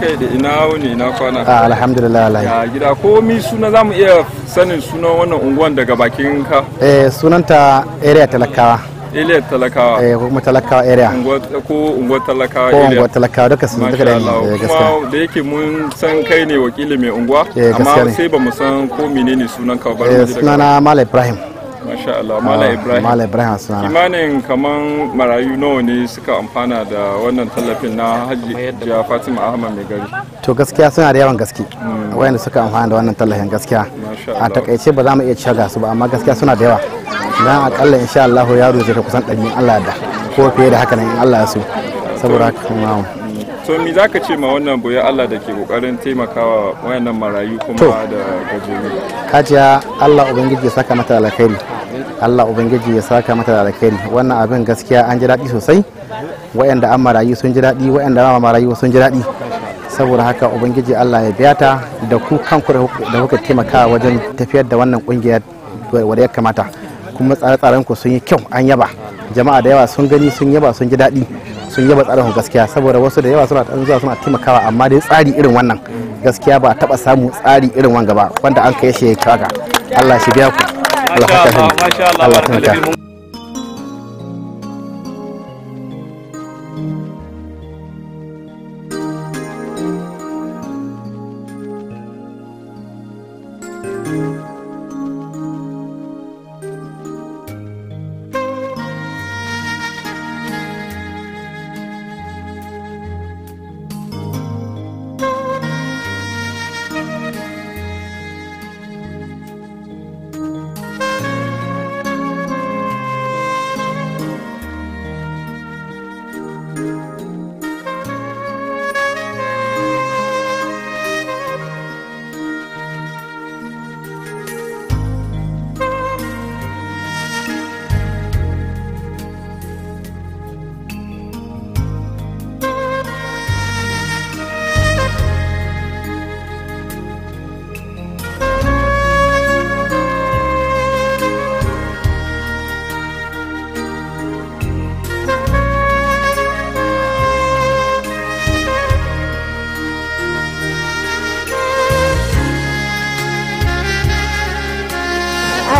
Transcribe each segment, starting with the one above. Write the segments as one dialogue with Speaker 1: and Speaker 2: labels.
Speaker 1: kai da ina wuni ina kwana ah, alhamdulillah alai ya gida komi suna za mu iya sanin sunan wannan unguwan daga bakin ka
Speaker 2: eh sunanta area talakawa
Speaker 1: area talakawa
Speaker 2: eh kuma talakawa area
Speaker 1: ko unguwar talakawa ko unguwar
Speaker 2: talakawa duka sun duka da eh, kuma
Speaker 1: da yake mun san kai ne wakili mai unguwa eh, amma sai ba mu san ko menene sunan ka ba eh, sunana malam ibrahim Masha Allah, Mala ah, Ibrahim. Mala Ibrahim Kimanin kaman marayu nawa ne suka amfana da wannan tallafin na jiya Fatima Ahmad mai gari.
Speaker 2: To gaskiya suna da yawan gaske. Hmm. Wayanda suka amfana da wannan tallafin gaskiya. A takaice ba za mu iya caga su ba amma gaskiya suna da yawa. Dan akalla insha Allah yaro zai ka kusan 100 Allah da ko fiye da haka nan in Allah ya so. Saboda haka kuma
Speaker 1: hmm. to mi za ka ce ma wannan boye Allah da ke kokarin taimakawa wayannan marayu kuma da gajeru.
Speaker 2: kaciya Allah ubangiji ya saka mata alkhairi Allah Ubangiji ya saka mata da alkhairi wannan abin gaskiya an ji daɗi sosai wayanda an marayu sun ji daɗi wayanda ma marayu sun ji daɗi saboda haka Ubangiji Allah ya biya ta da ku kanku da kuka taimaka wajen tafiyar da wannan kungiyar wadda ya kamata kuma tsare-tsaren ku sun yi kyau an yaba jama'a da yawa sun gani sun yaba sun ji daɗi sun yaba tsarin gaskiya saboda wasu da yawa suna tsanzuwa suna taimakawa amma dai tsari irin wannan gaskiya ba taba samu tsari irin wanga ba wanda an kai shi ya kaga Allah shi biya ku ما شاء الله ما شاء الله بارك الله فيكم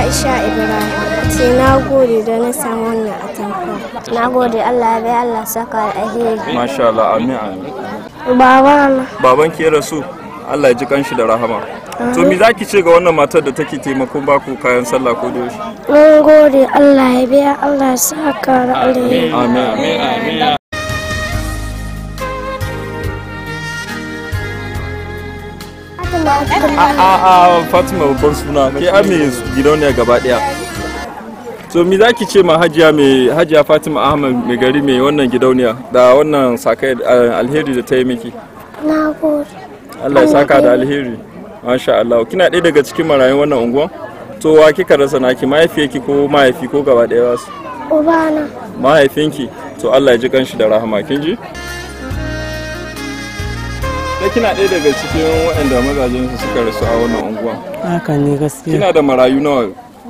Speaker 3: Aisha Ibrahim. Ce na gode da na samu wannan atamfa. Na gode Allah ya bai Allah saka alheri. Masha
Speaker 1: Allah amin amin.
Speaker 3: Baban.
Speaker 1: Baban ke rasu. Allah ya ji kanshi da rahama. To za zaki ce ga wannan matar da take taimakon baku kayan sallah ko da yaushe?
Speaker 3: Mun gode Allah ya biya Allah ya saka alheri. Amin amin amin. a
Speaker 1: a fatima babban suna ke a gidauniya gaba daya so mi za ki ce ma hajiya mai hajiya fatima ahmad mai gari mai wannan gidauniya da wannan sakai eh, alheri da ta yi miki
Speaker 3: na gode
Speaker 1: allah ya saka da alheri masha allah kina ɗaya daga cikin marayun wannan unguwan to wa kika rasa naki mahaifiyarki ko mahaifi ko gaba daya wasu ubana mahaifinki to allah ya ji kanshi da rahama kin ji da kina ɗaya daga cikin waɗanda mazajen su suka rasu a wannan unguwa
Speaker 3: haka ne gaskiya kina
Speaker 1: da marayu nawa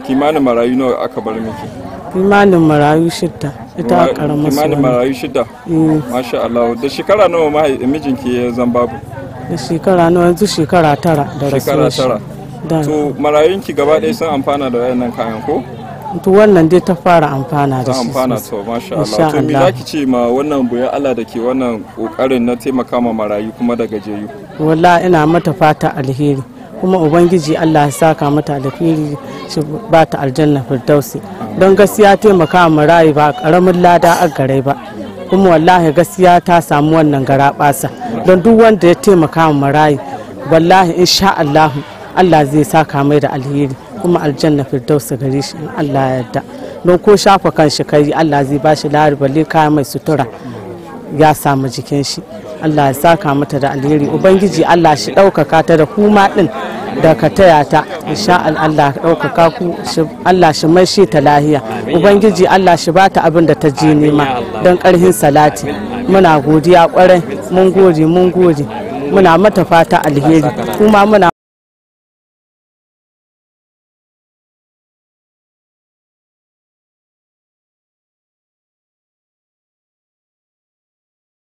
Speaker 1: kimanin marayu nawa aka bar miki
Speaker 3: kimanin marayu shidda ita a karamar kimanin marayu
Speaker 1: shidda eh. masha Allah da shekara nawa mijinki ya zan babu
Speaker 3: da shekara nawa yanzu shekara tara da rasuwa shekara
Speaker 1: tara to marayunki gaba ɗaya sun amfana da wayannan kayan ko
Speaker 3: to wannan dai ta fara amfana da shi amfana to masha Allah to me zaki
Speaker 1: ce ma wannan buya Allah da ke wannan kokarin na taimaka ma marayu kuma da jeyu
Speaker 3: wallahi ina mata fata alheri kuma ubangiji Allah ya saka mata alheri shi ba ta aljanna firdausi don gaskiya taimaka ma marayu ba karamin lada a gare ba kuma wallahi gaskiya ta samu wannan gara don duk wanda ya taimaka ma marayu wallahi insha Allah Allah zai saka mai da alheri kuma aljanna firdausa gari shi in Allah ya yarda don ko shafa kan shi kai Allah zai ba shi lahari balle kaya mai sutura ya samu jikin shi Allah ya saka mata da alheri ubangiji Allah shi ɗaukaka ta da kuma din da ka taya ta insha Allah ɗaukaka ku Allah shi mai shi ta lahiya ubangiji Allah shi bata abin da ta je nema don karhin salati muna godiya kwarai mun gode mun gode muna mata fata alheri kuma muna